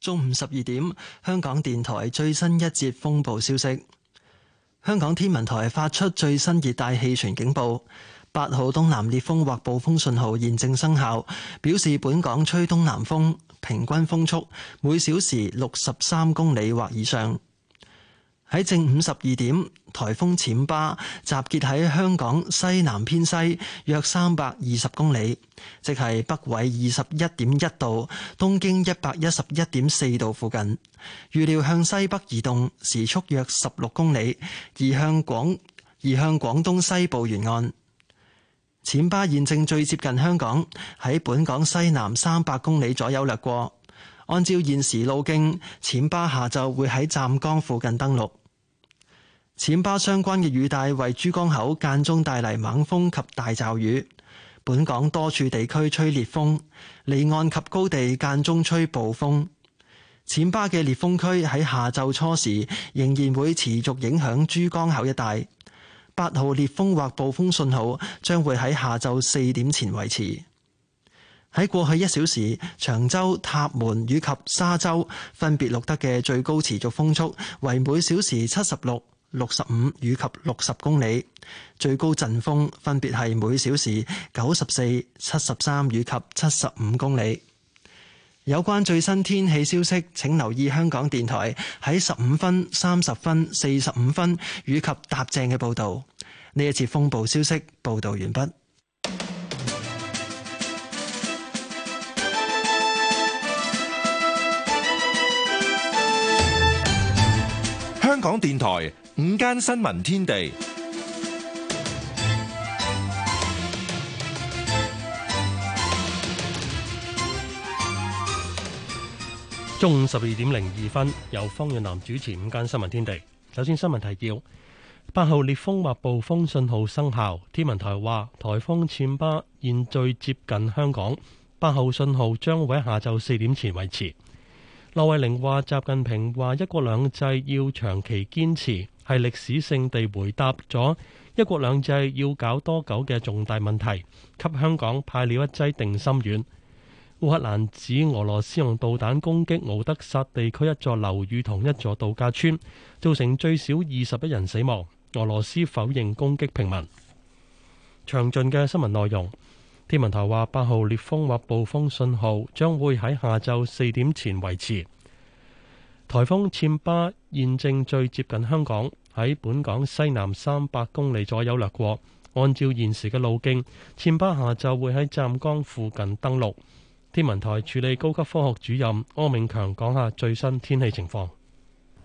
中午十二點，香港電台最新一節風暴消息。香港天文台發出最新熱帶氣旋警報，八號東南烈風或暴風信號現正生效，表示本港吹東南風，平均風速每小時六十三公里或以上。喺正午十二點，颱風暹芭集結喺香港西南偏西約三百二十公里，即係北緯二十一點一度、東經一百一十一點四度附近。預料向西北移動，時速約十六公里，移向廣移向廣東西部沿岸。暹芭現正最接近香港，喺本港西南三百公里左右掠過。按照現時路徑，暹芭下晝會喺湛江附近登陸。暹芭相關嘅雨帶為珠江口間中帶嚟猛風及大驟雨，本港多處地區吹烈風，離岸及高地間中吹暴風。暹芭嘅烈風區喺下晝初時仍然會持續影響珠江口一帶。八號烈風或暴風信號將會喺下晝四點前維持。喺過去一小時，長洲、塔門以及沙洲分別錄得嘅最高持續風速為每小時七十六。六十五與及六十公里，最高陣風分別係每小時九十四、七十三與及七十五公里。有關最新天氣消息，請留意香港電台喺十五分、三十分、四十五分與及踏正嘅報道。呢一次風暴消息報道完畢。香港電台午間新聞天地，中午十二點零二分由方遠南主持午間新聞天地。首先新聞提要：八號烈風或暴風信號生效，天文台話台風暹芭現最接近香港，八號信號將會喺下晝四點前維持。劉慧玲話：習近平話一國兩制要長期堅持，係歷史性地回答咗一國兩制要搞多久嘅重大問題，給香港派了一劑定心丸。烏克蘭指俄羅斯用導彈攻擊奧德薩地區一座樓宇同一座度假村，造成最少二十一人死亡。俄羅斯否認攻擊平民。詳盡嘅新聞內容。天文台話，八號烈風或暴風信號將會喺下晝四點前維持。颱風暹巴現正最接近香港，喺本港西南三百公里左右掠過。按照現時嘅路徑，暹巴下晝會喺湛江附近登陸。天文台處理高級科學主任柯明強講下最新天氣情況。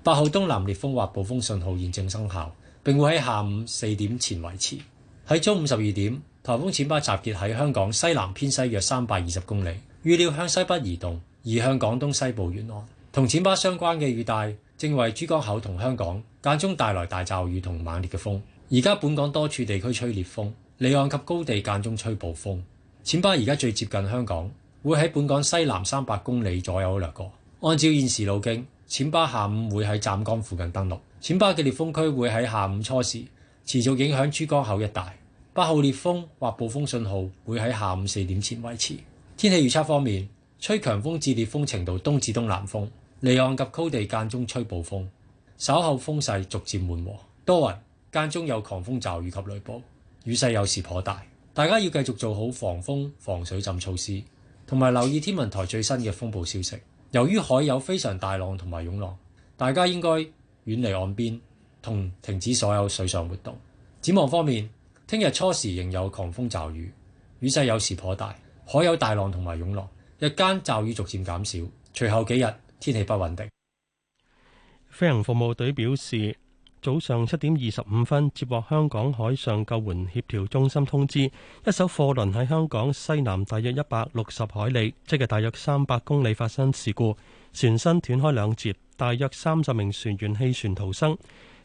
八號東南烈風或暴風信號現正生效，並會喺下午四點前維持。喺中午十二點。颱風淺巴集結喺香港西南偏西約三百二十公里，預料向西北移動，移向廣東西部沿岸。同淺巴相關嘅雨帶正為珠江口同香港間中帶來大驟雨同猛烈嘅風。而家本港多處地區吹烈風，離岸及高地間中吹暴風。淺巴而家最接近香港，會喺本港西南三百公里左右掠過。按照現時路徑，淺巴下午會喺湛江附近登陸。淺巴嘅烈風區會喺下午初時持續影響珠江口一帶。八號烈風或暴風信號會喺下午四點前維持。天氣預測方面，吹強風至烈風程度，東至東南風，離岸及高地間中吹暴風。稍後風勢逐漸緩和，多雲間中有狂風驟雨及雷暴，雨勢有時頗大。大家要繼續做好防風防水浸措施，同埋留意天文台最新嘅風暴消息。由於海有非常大浪同埋湧浪，大家應該遠離岸邊同停止所有水上活動。展望方面。聽日初時仍有狂風驟雨，雨勢有時頗大，海有大浪同埋湧浪。日間驟雨逐漸減少，隨後幾日天氣不穩定。飛行服務隊表示，早上七點二十五分接獲香港海上救援協調中心通知，一艘貨輪喺香港西南大約一百六十海里，即係大約三百公里發生事故，船身斷開兩截，大約三十名船員棄船逃生。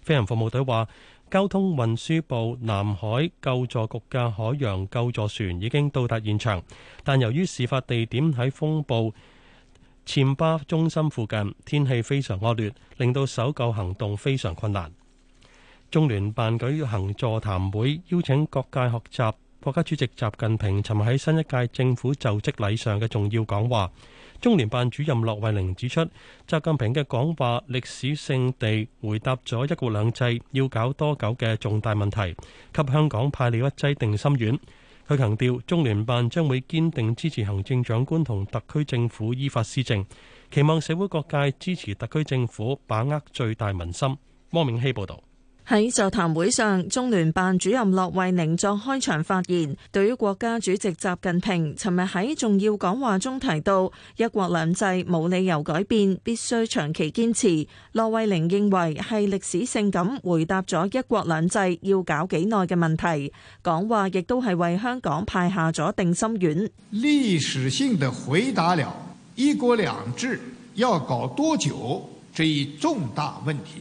飛行服務隊話：交通運輸部南海救助局嘅海洋救助船已經到達現場，但由於事發地點喺風暴暹芭中心附近，天氣非常惡劣，令到搜救行動非常困難。中聯辦舉行座談會，邀請各界學習國家主席習近平尋日喺新一屆政府就職禮上嘅重要講話。中聯辦主任駱惠寧指出，習近平嘅講話歷史性地回答咗一國兩制要搞多久嘅重大問題，給香港派了一劑定心丸。佢強調，中聯辦將會堅定支持行政長官同特區政府依法施政，期望社會各界支持特區政府把握最大民心。汪明熙報導。喺座談會上，中聯辦主任駱惠寧作開場發言。對於國家主席習近平尋日喺重要講話中提到一國兩制冇理由改變，必須長期堅持，駱惠寧認為係歷史性咁回答咗一國兩制要搞幾耐嘅問題。講話亦都係為香港派下咗定心丸。歷史性的回答了一國兩制要搞多久這一重大問題。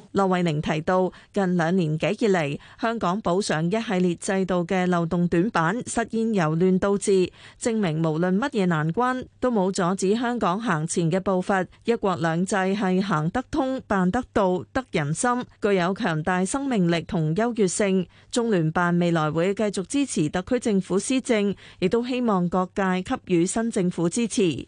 駱惠寧提到，近兩年幾以嚟，香港補上一系列制度嘅漏洞短板，實現由亂到治，證明無論乜嘢難關都冇阻止香港行前嘅步伐。一國兩制係行得通、辦得到、得人心，具有強大生命力同優越性。中聯辦未來會繼續支持特區政府施政，亦都希望各界給予新政府支持。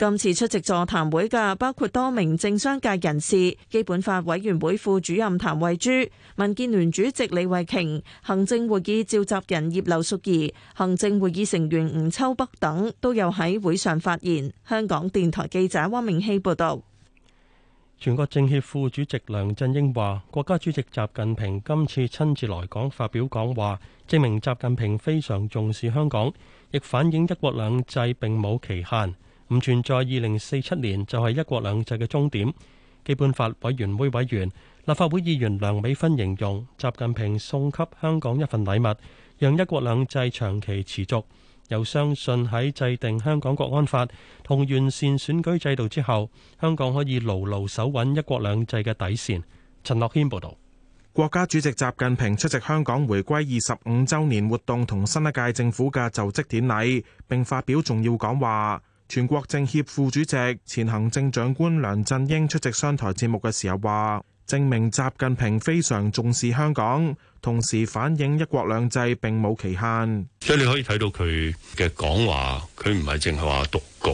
今次出席座談會嘅包括多名政商界人士，基本法委員會副主任譚慧珠、民建聯主席李慧瓊、行政會議召集人葉劉淑儀、行政會議成員吳秋北等，都有喺會上發言。香港電台記者汪明熙報道。全國政協副主席梁振英話，國家主席習近平今次親自來港發表講話，證明習近平非常重視香港，亦反映一國兩制並冇期限。唔存在二零四七年就係一國兩制嘅終點。基本法委員會委員、立法會議員梁美芬形容，習近平送給香港一份禮物，讓一國兩制長期持續，又相信喺制定香港國安法同完善選舉制度之後，香港可以牢牢守穩一國兩制嘅底線。陳樂謙報道，國家主席習近平出席香港回歸二十五周年活動同新一屆政府嘅就職典禮，並發表重要講話。全國政協副主席、前行政長官梁振英出席商台節目嘅時候話，證明習近平非常重視香港，同時反映一國兩制並冇期限。即係你可以睇到佢嘅講話，佢唔係淨係話讀稿。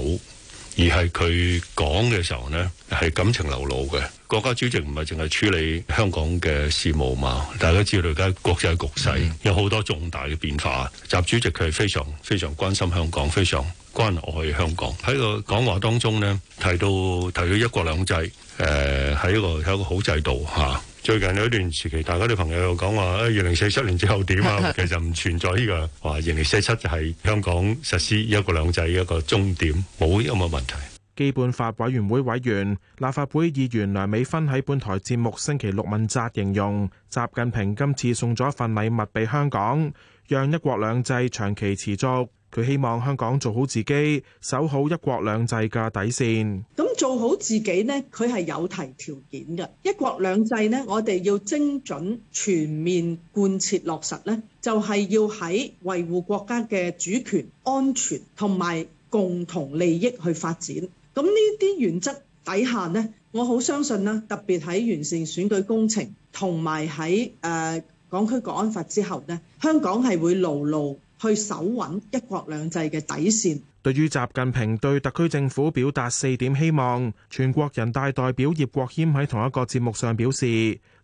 而係佢講嘅時候呢，係感情流露嘅。國家主席唔係淨係處理香港嘅事務嘛，大家知道而家國際局勢有好多重大嘅變化。習主席佢係非常非常關心香港，非常關愛香港。喺個講話當中呢，提到提到一國兩制，誒、呃、喺一個喺一個好制度嚇。啊。最近有一段時期，大家啲朋友又講話：二零四七年之後點啊？其實唔存在呢個話，二零四七就係香港實施一國兩制一個終點，冇咁嘅問題。基本法委員會委員、立法會議員梁美芬喺本台節目星期六問責，形容習近平今次送咗一份禮物俾香港，讓一國兩制長期持續。佢希望香港做好自己，守好一國兩制嘅底線，咁做好自己呢，佢係有提條件嘅。一國兩制呢，我哋要精準全面貫徹落實呢，就係要喺維護國家嘅主權安全同埋共同利益去發展。咁呢啲原則底下呢，我好相信啦，特別喺完善選舉工程同埋喺誒港區國安法之後呢，香港係會牢牢去守穩一國兩制嘅底線。對於習近平對特區政府表達四點希望，全國人大代表葉國謙喺同一個節目上表示，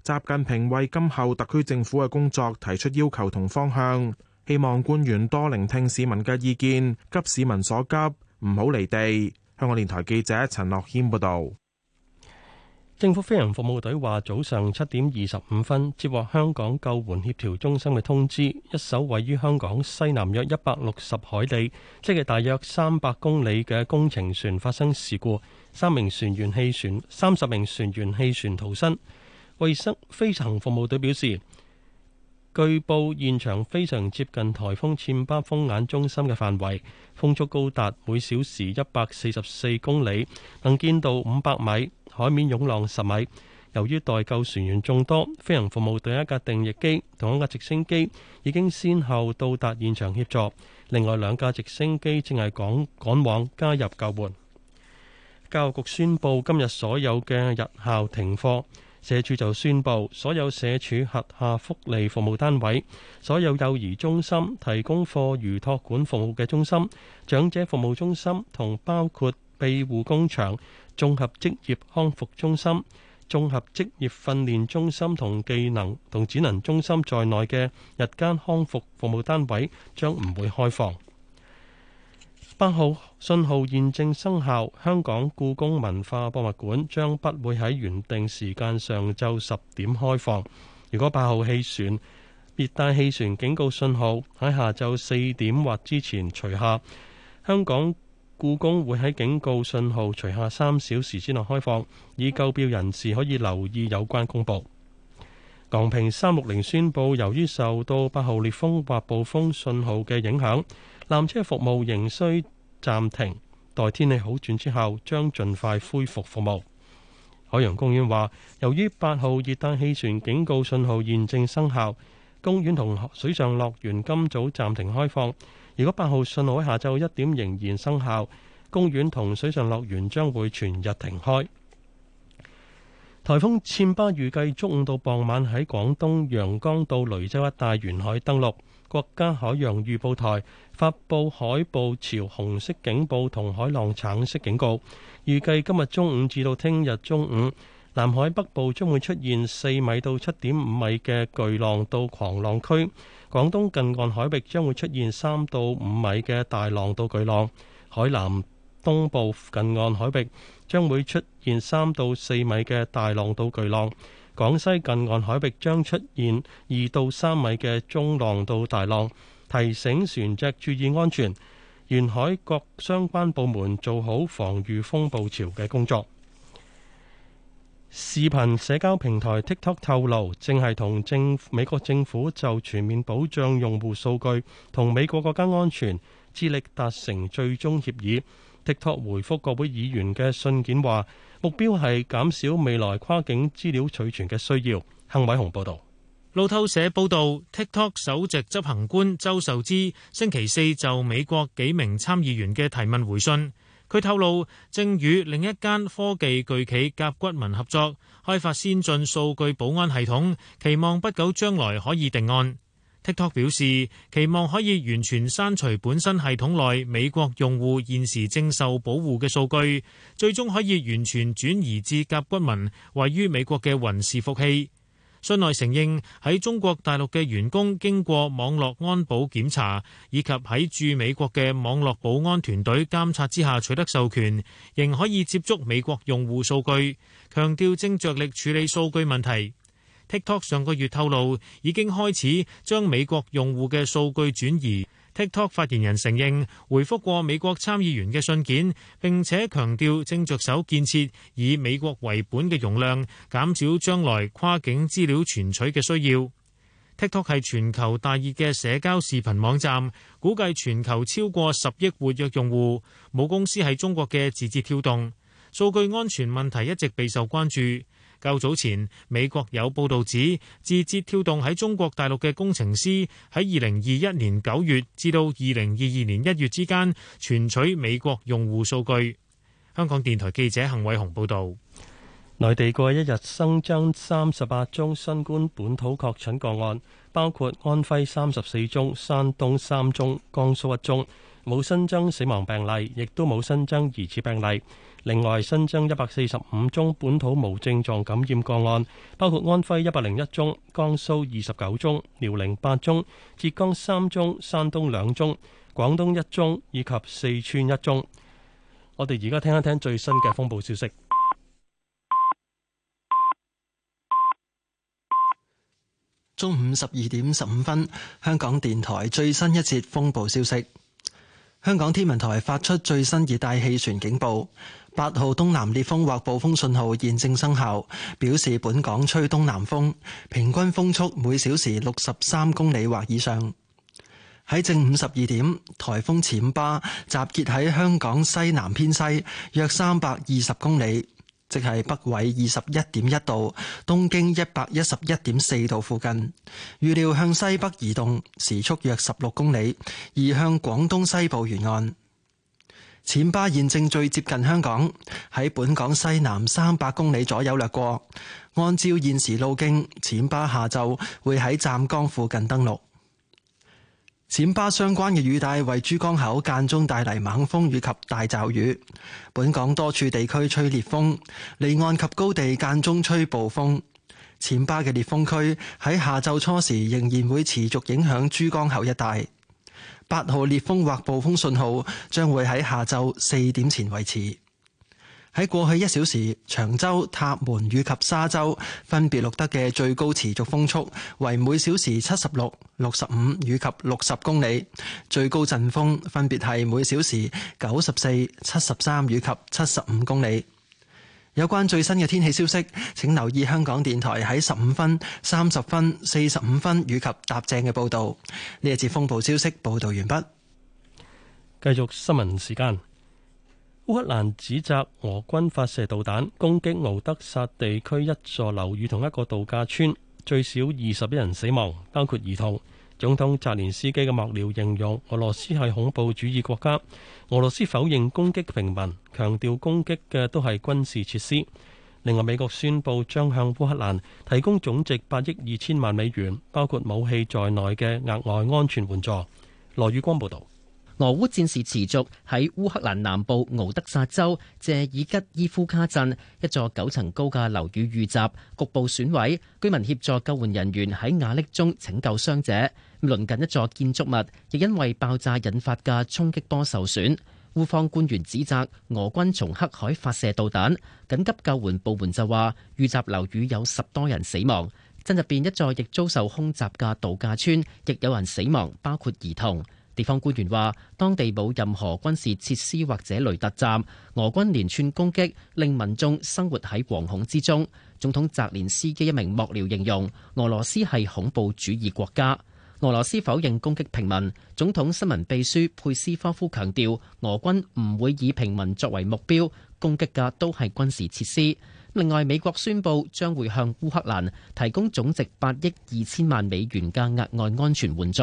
習近平為今後特區政府嘅工作提出要求同方向，希望官員多聆聽市民嘅意見，急市民所急，唔好離地。香港電台記者陳樂謙報道。政府飛行服務隊話，早上七點二十五分接獲香港救援協調中心嘅通知，一艘位於香港西南約一百六十海里，即係大約三百公里嘅工程船發生事故，三名船員棄船，三十名船員棄船逃生。衛生飛行服務隊表示，據報現場非常接近颱風暹巴風眼中心嘅範圍，風速高達每小時一百四十四公里，能見度五百米。海面湧浪十米，由於待救船員眾多，飛行服務隊一架定翼機同一架直升機已經先後到達現場協助，另外兩架直升機正係趕趕往加入救援。教育局宣布今日所有嘅日校停課，社署就宣布所有社署轄下福利服務單位、所有幼兒中心提供課餘託管服務嘅中心、長者服務中心同包括。庇護工場、綜合職業康復中心、綜合職業訓練中心同技能同展能中心在內嘅日間康復服務單位將唔會開放。八號信號現正生效，香港故宮文化博物館將不會喺原定時間上晝十點開放。如果八號氣旋熱帶氣旋警告信號喺下晝四點或之前除下，香港。故宮會喺警告信號除下三小時之內開放，以購票人士可以留意有關公布。昂坪三六零宣布，由於受到八號烈風或暴風信號嘅影響，纜車服務仍需暫停，待天氣好轉之後將盡快恢復服務。海洋公園話，由於八號熱帶氣旋警告信號現正生效，公園同水上樂園今早暫停開放。如果八號信號喺下晝一點仍然生效，公園同水上樂園將會全日停開。颱風暹芭預計中午到傍晚喺廣東陽江到雷州一帶沿海登陸。國家海洋預報台發佈海報潮紅色警報同海浪橙色警告，預計今日中午至到聽日中午，南海北部將會出現四米到七點五米嘅巨浪到狂浪區，廣東近岸海域將會出現三到五米嘅大浪到巨浪，海南東部近岸海域將會出現三到四米嘅大浪到巨浪，廣西近岸海域將出現二到三米嘅中浪到大浪。提醒船隻注意安全，沿海各相關部門做好防禦風暴潮嘅工作。視頻社交平台 TikTok 透露，正係同政美國政府就全面保障用戶數據同美國國家安全致力達成最終協議。TikTok 回覆各位議員嘅信件話，目標係減少未來跨境資料取存嘅需要。幸偉雄報導。路透社報道，TikTok 首席執行官周受資星期四就美國幾名參議員嘅提問回信。佢透露正與另一間科技巨企甲骨文合作，開發先進數據保安系統，期望不久將來可以定案。TikTok 表示，期望可以完全刪除本身系統內美國用戶現時正受保護嘅數據，最終可以完全轉移至甲骨文位於美國嘅雲伺服器。信內承認喺中國大陸嘅員工經過網絡安保檢查，以及喺駐美國嘅網絡保安團隊監察之下取得授權，仍可以接觸美國用戶數據。強調正着力處理數據問題。TikTok 上個月透露已經開始將美國用戶嘅數據轉移。TikTok 發言人承認回覆過美國參議員嘅信件，並且強調正着手建設以美國為本嘅容量，減少將來跨境資料存取嘅需要。TikTok 係全球大熱嘅社交視頻網站，估計全球超過十億活躍用戶。母公司喺中國嘅字節跳動，數據安全問題一直備受關注。較早前，美國有報道指，字節跳動喺中國大陸嘅工程師喺二零二一年九月至到二零二二年一月之間，存取美國用戶數據。香港電台記者恒偉雄報道。內地過一日新增三十八宗新冠本土確診個案，包括安徽三十四宗、山東三宗、江蘇一宗，冇新增死亡病例，亦都冇新增疑似病例。另外新增一百四十五宗本土無症狀感染個案，包括安徽一百零一宗、江蘇二十九宗、遼寧八宗、浙江三宗、山東兩宗、廣東一宗以及四川一宗。我哋而家聽一聽最新嘅風暴消息。中午十二點十五分，香港電台最新一節風暴消息。香港天文台發出最新熱帶氣旋警報。八號東南烈風或暴風信號現正生效，表示本港吹東南風，平均風速每小時六十三公里或以上。喺正午十二點，颱風淺巴集結喺香港西南偏西約三百二十公里，即係北緯二十一點一度，東經一百一十一點四度附近。預料向西北移動，時速約十六公里，移向廣東西部沿岸。淺巴現正最接近香港，喺本港西南三百公里左右掠過。按照現時路徑，淺巴下晝會喺湛江附近登陸。淺巴相關嘅雨帶為珠江口間中帶嚟猛風雨及大驟雨，本港多處地區吹烈風，離岸及高地間中吹暴風。淺巴嘅烈風區喺下晝初時仍然會持續影響珠江口一帶。八號烈風或暴風信號將會喺下晝四點前維持。喺過去一小時，長洲、塔門以及沙洲分別錄得嘅最高持續風速為每小時七十六、六十五以及六十公里，最高陣風分別係每小時九十四、七十三以及七十五公里。有關最新嘅天氣消息，請留意香港電台喺十五分、三十分、四十五分以及踏正嘅報道。呢節風暴消息報道完畢，繼續新聞時間。烏克蘭指責俄軍發射導彈攻擊敖德薩地區一座樓宇同一個度假村，最少二十一人死亡，包括兒童。總統澤連斯基嘅幕僚形容俄羅斯係恐怖主義國家。俄羅斯否認攻擊平民，強調攻擊嘅都係軍事設施。另外，美國宣布將向烏克蘭提供總值八億二千萬美元，包括武器在內嘅額外安全援助。羅宇光報導。俄烏戰事持續，喺烏克蘭南部奧德薩州謝爾吉伊夫卡鎮一座九層高嘅樓宇遇襲，局部損毀，居民協助救援人員喺瓦礫中拯救傷者。鄰近一座建築物亦因為爆炸引發嘅衝擊波受損。烏方官員指責俄軍從黑海發射導彈。緊急救援部門就話，遇襲樓宇有十多人死亡。鎮入邊一座亦遭受空襲嘅度假村亦有人死亡，包括兒童。地方官員話，當地冇任何軍事設施或者雷達站。俄軍連串攻擊令民眾生活喺惶恐之中。總統澤連斯基一名幕僚形容俄羅斯係恐怖主義國家。俄羅斯否認攻擊平民，總統新聞秘書佩斯科夫強調，俄軍唔會以平民作為目標，攻擊嘅都係軍事設施。另外，美國宣布將會向烏克蘭提供總值八億二千萬美元嘅額外安全援助。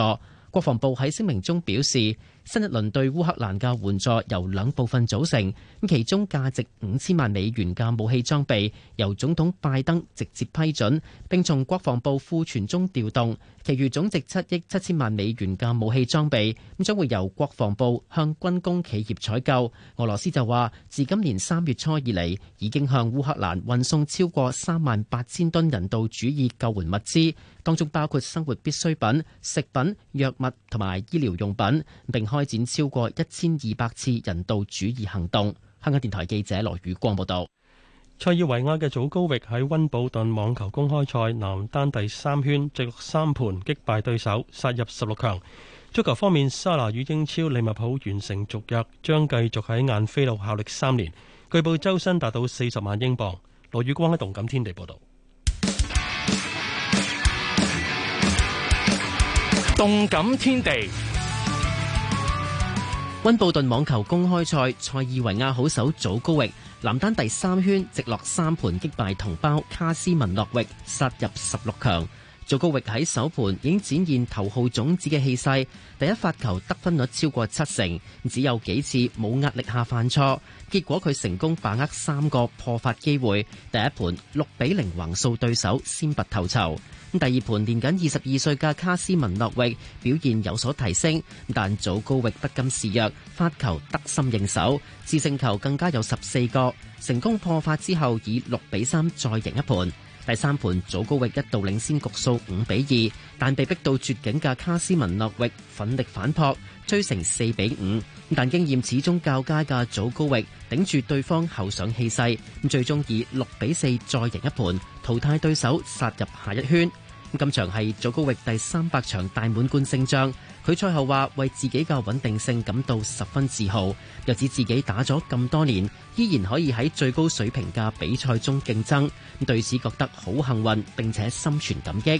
國防部喺聲明中表示，新一輪對烏克蘭嘅援助由兩部分組成，咁其中價值五千萬美元嘅武器裝備由總統拜登直接批准並從國防部庫存中調動，其餘總值七億七千萬美元嘅武器裝備咁將會由國防部向軍工企業採購。俄羅斯就話，自今年三月初以嚟已經向烏克蘭運送超過三萬八千噸人道主義救援物資，當中包括生活必需品、食品、藥物同埋醫療用品，並開開展超過一千二百次人道主義行動。香港電台記者羅宇光報道。塞爾維亞嘅祖高域喺溫布頓網球公開賽男單第三圈，直落三盤擊敗對手，殺入十六強。足球方面，沙拿與英超利物浦完成續約，將繼續喺晏菲路效力三年，據報周薪達到四十萬英鎊。羅宇光喺動感天地報道。動感天地。溫布頓網球公開賽，塞爾維亞好手祖高域男單第三圈直落三盤擊敗同胞卡斯文諾域，殺入十六強。祖高域喺首盤已經展現頭號種子嘅氣勢，第一發球得分率超過七成，只有幾次冇壓力下犯錯。結果佢成功把握三個破發機會，第一盤六比零橫掃對手先拔頭籌。咁第二盤年僅二十二歲嘅卡斯文諾域表現有所提升，但早高域不甘示弱，發球得心應手，致勝球更加有十四個，成功破發之後以六比三再贏一盤。第三盤早高域一度領先局數五比二，但被逼到絕境嘅卡斯文諾域奮力反撲。追成四比五，但經驗始終較佳嘅祖高域頂住對方後上氣勢，最終以六比四再贏一盤，淘汰對手殺入下一圈。今場係祖高域第三百場大滿貫勝仗，佢賽後話為自己嘅穩定性感到十分自豪，又指自己打咗咁多年，依然可以喺最高水平嘅比賽中競爭，咁對此覺得好幸運，並且心存感激。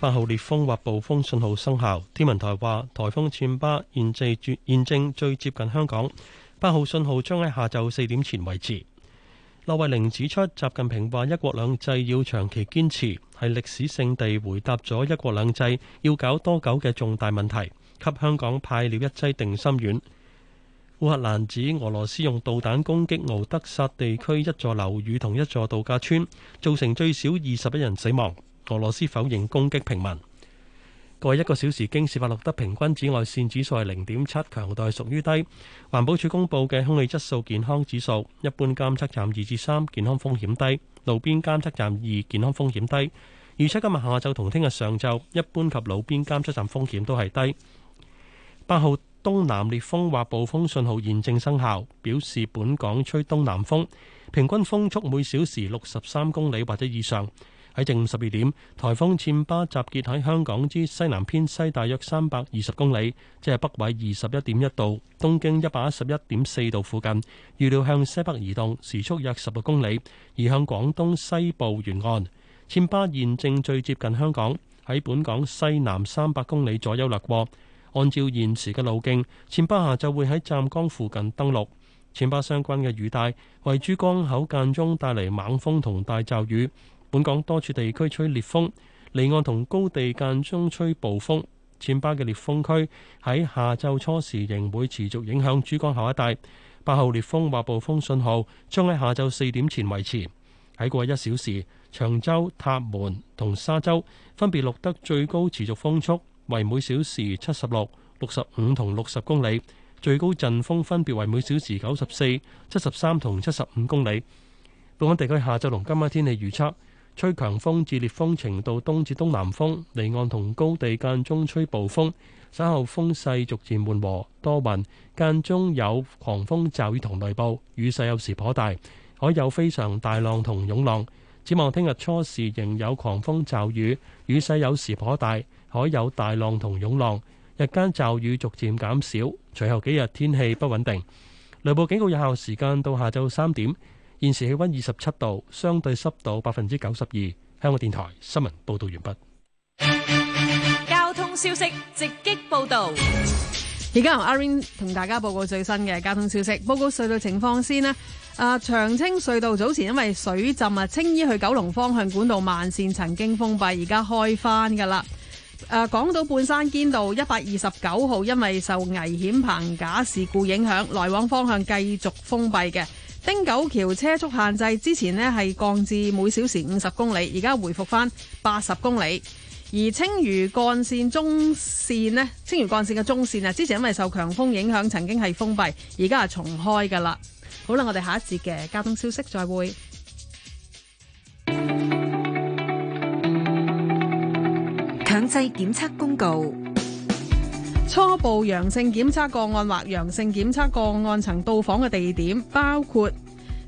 八號烈風或暴風信號生效。天文台話，颱風暹芭現正最接近香港，八號信號將喺下晝四點前維持。劉慧玲指出，習近平話一國兩制要長期堅持，係歷史性地回答咗一國兩制要搞多久嘅重大問題，給香港派了一劑定心丸。烏克蘭指俄羅斯用導彈攻擊敖德薩地區一座樓宇同一座度假村，造成最少二十一人死亡。俄羅斯否認攻擊平民。過去一個小時，京士柏錄得平均紫外線指數係零點七，強度係屬於低。環保署公布嘅空氣質素健康指數，一般監測站二至三，3, 健康風險低；路邊監測站二，健康風險低。預測今日下晝同聽日上晝，一般及路邊監測站風險都係低。八號東南烈風或暴風信號現正生效，表示本港吹東南風，平均風速每小時六十三公里或者以上。正午十二點，颱風暹芭集結喺香港之西南偏西大約三百二十公里，即係北緯二十一點一度，東經一百一十一點四度附近。預料向西北移動，時速約十六公里，移向廣東西部沿岸。暹芭現正最接近香港，喺本港西南三百公里左右掠過。按照現時嘅路徑，暹芭下晝會喺湛江附近登陸。暹芭相關嘅雨帶為珠江口間中帶嚟猛風同大驟雨。本港多處地區吹烈風，離岸同高地間中吹暴風。前巴嘅烈風區喺下晝初時仍會持續影響珠江口一帶。八號烈風或暴風信號將喺下晝四點前維持。喺過去一小時，長洲、塔門同沙洲分別錄得最高持續風速為每小時七十六、六十五同六十公里，最高陣風分別為每小時九十四、七十三同七十五公里。本港地區下晝同今晚天氣預測。吹強風至烈風程度，東至東南風，離岸同高地間中吹暴風。稍後風勢逐漸緩和，多雲，間中有狂風驟雨同雷暴，雨勢有時頗大，海有非常大浪同湧浪。展望聽日初時仍有狂風驟雨，雨勢有時頗大，海有大浪同湧浪。日間驟雨逐漸減少，隨後幾日天氣不穩定。雷暴警告有效時間到下晝三點。現時氣溫二十七度，相對濕度百分之九十二。香港電台新聞報道完畢。交通消息直擊報道，而家由阿 Rain 同大家報告最新嘅交通消息。報告隧道情況先啦。啊、呃，長青隧道早前因為水浸啊，青衣去九龍方向管道慢線曾經封閉，而家開翻噶啦。誒、呃，港島半山堅道一百二十九號因為受危險棚架事故影響，來往方向繼續封閉嘅。汀九橋車速限制之前咧係降至每小時五十公，公里，而家回復翻八十公里。而青嶼幹線中線咧，青嶼幹線嘅中線啊，之前因為受強風影響曾經係封閉，而家係重開噶啦。好啦，我哋下一節嘅交通消息再會。強制檢測公告。初步陽性檢測個案或陽性檢測個案曾到訪嘅地點包括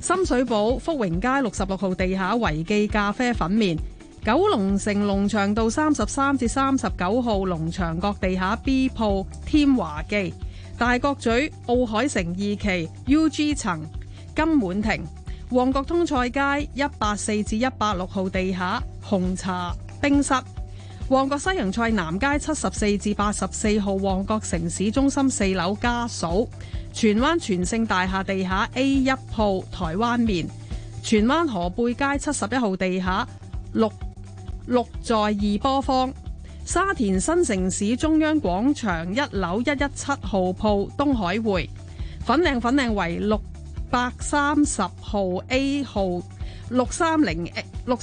深水埗福榮街六十六號地下維記咖啡粉麵、九龍城龍翔道三十三至三十九號龍翔角地下 B 鋪添華記、大角咀奧海城二期 U G 層金滿庭、旺角通菜街一八四至一八六號地下紅茶冰室。旺角西洋菜南街七十四至八十四號旺角城市中心四樓家嫂，荃灣全盛大廈地下 A 一鋪台灣麵，荃灣河背街七十一號地下六六在二波方，沙田新城市中央廣場一樓一一七號鋪東海匯，粉嶺粉嶺圍六百三十號 A 號六三零六三。6 30, 6 30, 6 30,